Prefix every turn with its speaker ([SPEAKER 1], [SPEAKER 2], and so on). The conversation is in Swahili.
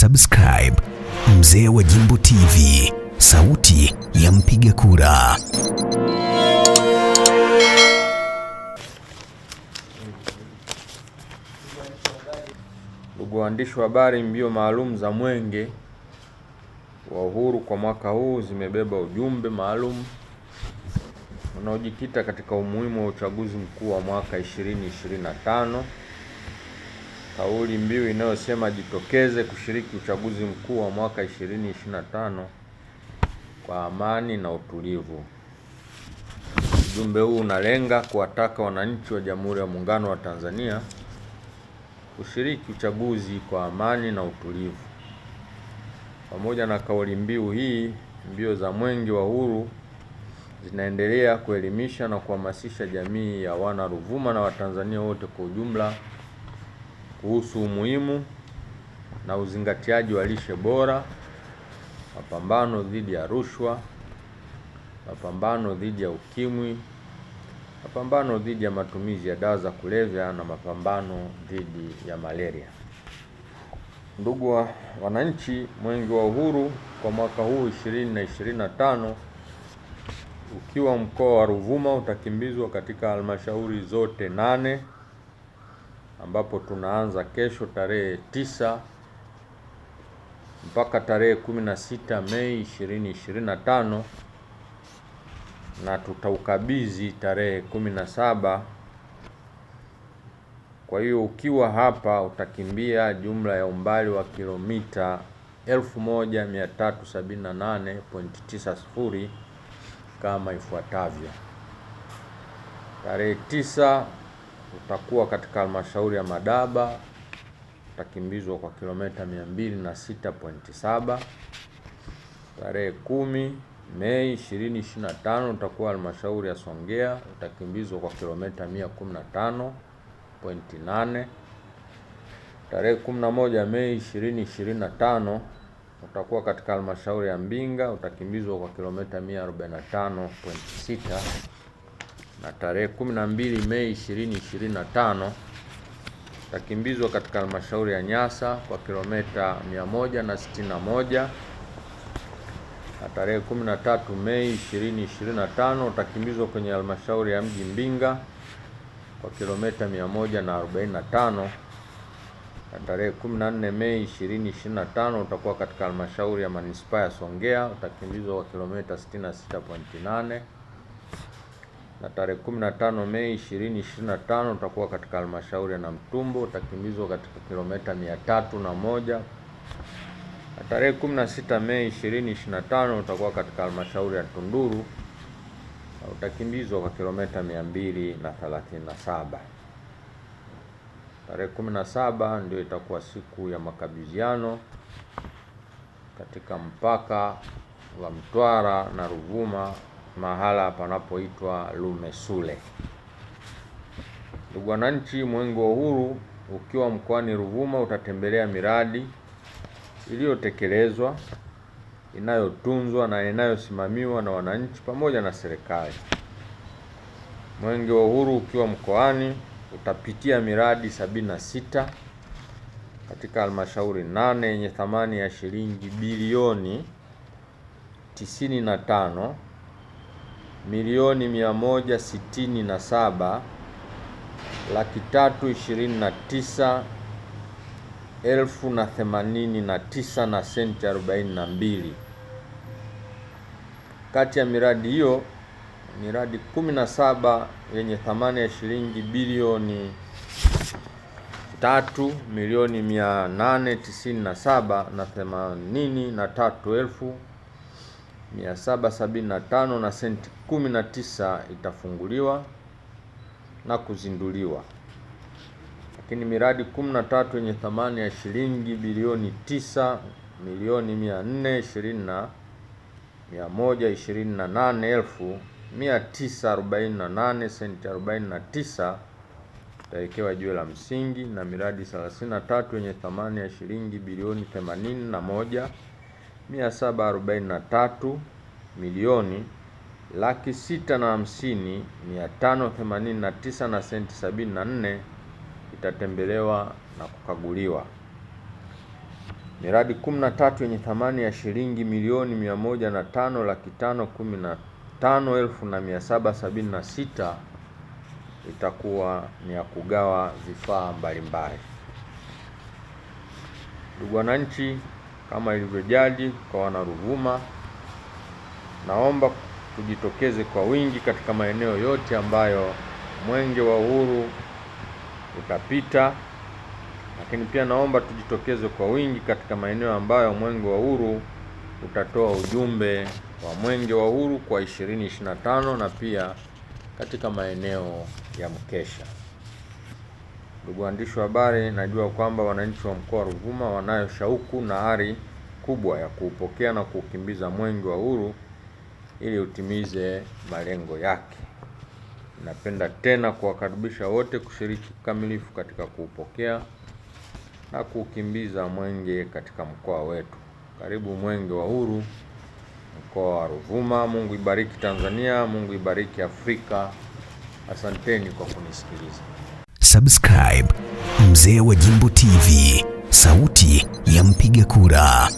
[SPEAKER 1] subscribe Mzee wa Jimbo TV, sauti ya mpiga kura.
[SPEAKER 2] Ndugu waandishi wa habari, mbio maalum za Mwenge wa Uhuru kwa mwaka huu zimebeba ujumbe maalum unaojikita katika umuhimu wa uchaguzi mkuu wa mwaka 2025 kauli mbiu inayosema jitokeze kushiriki uchaguzi mkuu wa mwaka 2025 kwa amani na utulivu. Ujumbe huu unalenga kuwataka wananchi wa Jamhuri ya Muungano wa Tanzania kushiriki uchaguzi kwa amani na utulivu. Pamoja na kauli mbiu hii, mbio za Mwenge wa Uhuru zinaendelea kuelimisha na kuhamasisha jamii ya wana Ruvuma na Watanzania wote kwa ujumla kuhusu umuhimu na uzingatiaji wa lishe bora, mapambano dhidi ya rushwa, mapambano dhidi ya ukimwi, mapambano dhidi ya matumizi ya dawa za kulevya na mapambano dhidi ya malaria. Ndugu wa wananchi, Mwenge wa Uhuru kwa mwaka huu ishirini na ishirini ukiwa mkoa wa Ruvuma utakimbizwa katika halmashauri zote nane ambapo tunaanza kesho tarehe tisa mpaka tarehe 16 Mei 2025 na tutaukabidhi tarehe 17. Kwa hiyo ukiwa hapa utakimbia jumla ya umbali wa kilomita 1378.90 kama ifuatavyo: tarehe 9 utakuwa katika halmashauri ya Madaba utakimbizwa kwa kilomita 206.7. Tarehe kumi Mei 2025 utakuwa halmashauri ya Songea utakimbizwa kwa kilomita 115.8. Tarehe 11 Mei 2025 utakuwa katika halmashauri ya Mbinga utakimbizwa kwa kilomita 145.6 na tarehe 12 Mei 2025 takimbizwa katika halmashauri ya Nyasa kwa kilomita 161 na tarehe 13 Mei 2025 utakimbizwa kwenye halmashauri ya mji Mbinga kwa kilomita 145 na tarehe 14 Mei 2025 utakuwa katika halmashauri ya manispaa ya Songea utakimbizwa kwa kilomita 66.8 na tarehe 15 Mei 2025 utakuwa katika halmashauri ya Namtumbo, utakimbizwa katika kilomita mia tatu na moja na tarehe 16 Mei 2025 utakuwa katika halmashauri ya Tunduru utakimbizwa kwa kilomita mia mbili na thelathini na saba. Tarehe kumi na saba ndio itakuwa siku ya makabidhiano katika mpaka wa Mtwara na Ruvuma mahala panapoitwa Lumesule. Ndugu wananchi, Mwenge wa Uhuru ukiwa mkoani Ruvuma utatembelea miradi iliyotekelezwa, inayotunzwa na inayosimamiwa na wananchi pamoja na serikali. Mwenge wa Uhuru ukiwa mkoani utapitia miradi sabini na sita katika halmashauri nane yenye thamani ya shilingi bilioni tisini na tano milioni mia moja sitini na saba laki tatu ishirini na tisa elfu na themanini na tisa na senti arobaini na mbili. Kati ya miradi hiyo miradi kumi na saba yenye thamani ya shilingi bilioni tatu milioni mia nane tisini na saba na themanini na tatu elfu 775 na senti 19 itafunguliwa na kuzinduliwa, lakini miradi 13 yenye thamani ya shilingi bilioni 9 milioni 420 128,948 senti 49 itawekewa jiwe la msingi na miradi 33 yenye thamani ya shilingi bilioni 81 mia saba arobaini na tatu milioni laki sita na hamsini mia tano themanini na tisa na senti sabini na nne itatembelewa na kukaguliwa. Miradi kumi na tatu yenye thamani ya shilingi milioni mia moja na tano laki tano kumi na tano elfu na mia saba sabini na sita itakuwa ni ya kugawa vifaa mbalimbali. Ndugu wananchi kama ilivyojadi kwa Wanaruvuma. Naomba tujitokeze kwa wingi katika maeneo yote ambayo Mwenge wa Uhuru utapita, lakini pia naomba tujitokeze kwa wingi katika maeneo ambayo Mwenge wa Uhuru utatoa ujumbe wa Mwenge wa Uhuru kwa 2025 na pia katika maeneo ya mkesha. Ndugu waandishi wa habari, najua kwamba wananchi wa mkoa wa Ruvuma wanayo shauku na ari kubwa ya kuupokea na kuukimbiza mwenge wa uhuru ili utimize malengo yake. Napenda tena kuwakaribisha wote kushiriki kikamilifu katika kuupokea na kuukimbiza mwenge katika mkoa wetu. Karibu mwenge wa uhuru mkoa wa Ruvuma. Mungu ibariki Tanzania, Mungu ibariki Afrika. Asanteni kwa kunisikiliza subscribe Mzee wa Jimbo TV, sauti ya mpiga kura.